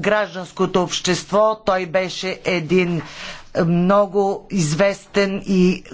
гражданското общество. Той беше един е, много известен и